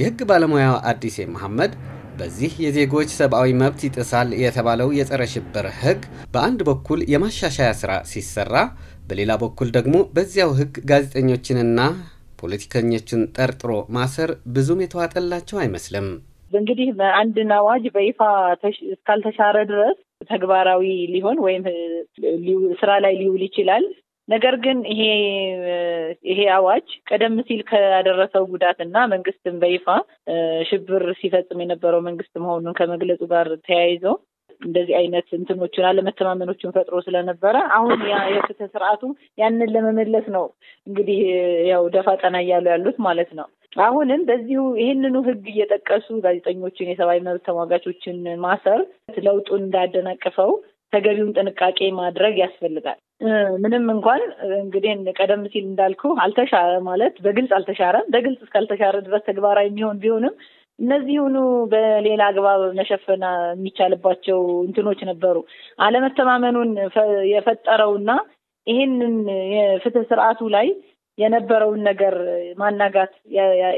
የህግ ባለሙያ አዲሴ መሐመድ በዚህ የዜጎች ሰብአዊ መብት ይጥሳል የተባለው የጸረ ሽብር ህግ በአንድ በኩል የማሻሻያ ስራ ሲሰራ፣ በሌላ በኩል ደግሞ በዚያው ህግ ጋዜጠኞችንና ፖለቲከኞችን ጠርጥሮ ማሰር ብዙም የተዋጠላቸው አይመስልም። እንግዲህ አንድን አዋጅ በይፋ እስካልተሻረ ድረስ ተግባራዊ ሊሆን ወይም ስራ ላይ ሊውል ይችላል ነገር ግን ይሄ ይሄ አዋጅ ቀደም ሲል ከደረሰው ጉዳት እና መንግስትም በይፋ ሽብር ሲፈጽም የነበረው መንግስት መሆኑን ከመግለጹ ጋር ተያይዞ እንደዚህ አይነት እንትኖችን አለመተማመኖችን ፈጥሮ ስለነበረ አሁን የፍትህ ስርዓቱ ያንን ለመመለስ ነው እንግዲህ ያው ደፋ ጠና እያሉ ያሉት ማለት ነው። አሁንም በዚሁ ይህንኑ ህግ እየጠቀሱ ጋዜጠኞችን፣ የሰብአዊ መብት ተሟጋቾችን ማሰር ለውጡን እንዳደናቅፈው ተገቢውን ጥንቃቄ ማድረግ ያስፈልጋል። ምንም እንኳን እንግዲህ ቀደም ሲል እንዳልኩ አልተሻረ ማለት በግልጽ አልተሻረም። በግልጽ እስካልተሻረ ድረስ ተግባራዊ የሚሆን ቢሆንም እነዚሁኑ በሌላ አግባብ መሸፈን የሚቻልባቸው እንትኖች ነበሩ። አለመተማመኑን የፈጠረውና ይህንን የፍትህ ስርዓቱ ላይ የነበረውን ነገር ማናጋት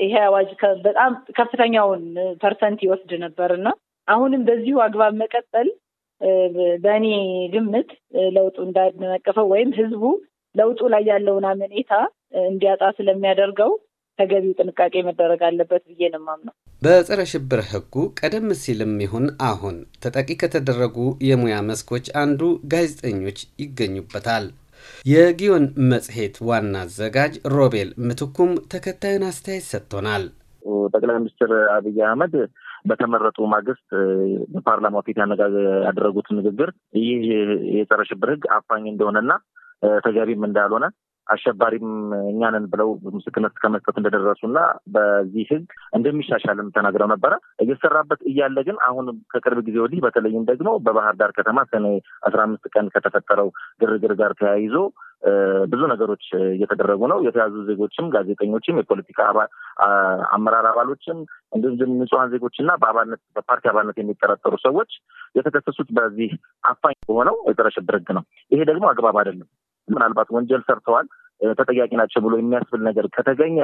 ይሄ አዋጅ በጣም ከፍተኛውን ፐርሰንት ይወስድ ነበር እና አሁንም በዚሁ አግባብ መቀጠል በእኔ ግምት ለውጡ እንዳነቀፈው ወይም ህዝቡ ለውጡ ላይ ያለውን አመኔታ እንዲያጣ ስለሚያደርገው ተገቢው ጥንቃቄ መደረግ አለበት ብዬ ነው የማምነው። በጸረ ሽብር ህጉ ቀደም ሲልም ይሁን አሁን ተጠቂ ከተደረጉ የሙያ መስኮች አንዱ ጋዜጠኞች ይገኙበታል። የጊዮን መጽሔት ዋና አዘጋጅ ሮቤል ምትኩም ተከታዩን አስተያየት ሰጥቶናል። ጠቅላይ ሚኒስትር አብይ አህመድ በተመረጡ ማግስት በፓርላማው ፊት ያደረጉት ንግግር ይህ የጸረ ሽብር ህግ አፋኝ እንደሆነና ተገቢም እንዳልሆነ አሸባሪም እኛንን ብለው ምስክርነት ከመስጠት እና በዚህ ህግ እንደሚሻሻልም ተናግረው ነበረ። እየሰራበት እያለ ግን አሁን ከቅርብ ጊዜ ወዲህ በተለይም ደግሞ በባህር ዳር ከተማ ሰኔ አስራ አምስት ቀን ከተፈጠረው ግርግር ጋር ተያይዞ ብዙ ነገሮች እየተደረጉ ነው። የተያዙ ዜጎችም፣ ጋዜጠኞችም፣ የፖለቲካ አመራር አባሎችም እንዲሁም ንጹሐን ዜጎችና በአባልነት በፓርቲ አባልነት የሚጠረጠሩ ሰዎች የተከሰሱት በዚህ አፋኝ በሆነው የጸረ ሽብር ነው። ይሄ ደግሞ አግባብ አይደለም። ምናልባት ወንጀል ሰርተዋል ተጠያቂ ናቸው ብሎ የሚያስብል ነገር ከተገኘ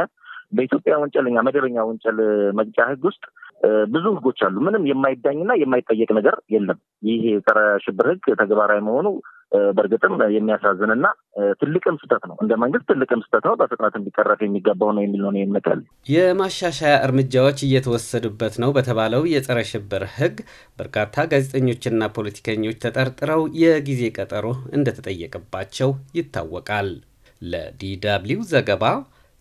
በኢትዮጵያ ወንጀለኛ መደበኛ ወንጀል መቅጫ ህግ ውስጥ ብዙ ህጎች አሉ። ምንም የማይዳኝና የማይጠየቅ ነገር የለም። ይህ የጸረ ሽብር ህግ ተግባራዊ መሆኑ በእርግጥም የሚያሳዝንና ትልቅም ስህተት ነው። እንደ መንግስት ትልቅም ስህተት ነው። በፍጥነት እንዲቀረፍ የሚገባው ነው የሚል ነው ይመጣል። የማሻሻያ እርምጃዎች እየተወሰዱበት ነው በተባለው የጸረ ሽብር ህግ በርካታ ጋዜጠኞችና ፖለቲከኞች ተጠርጥረው የጊዜ ቀጠሮ እንደተጠየቀባቸው ይታወቃል። ለዲ ደብልዩ ዘገባ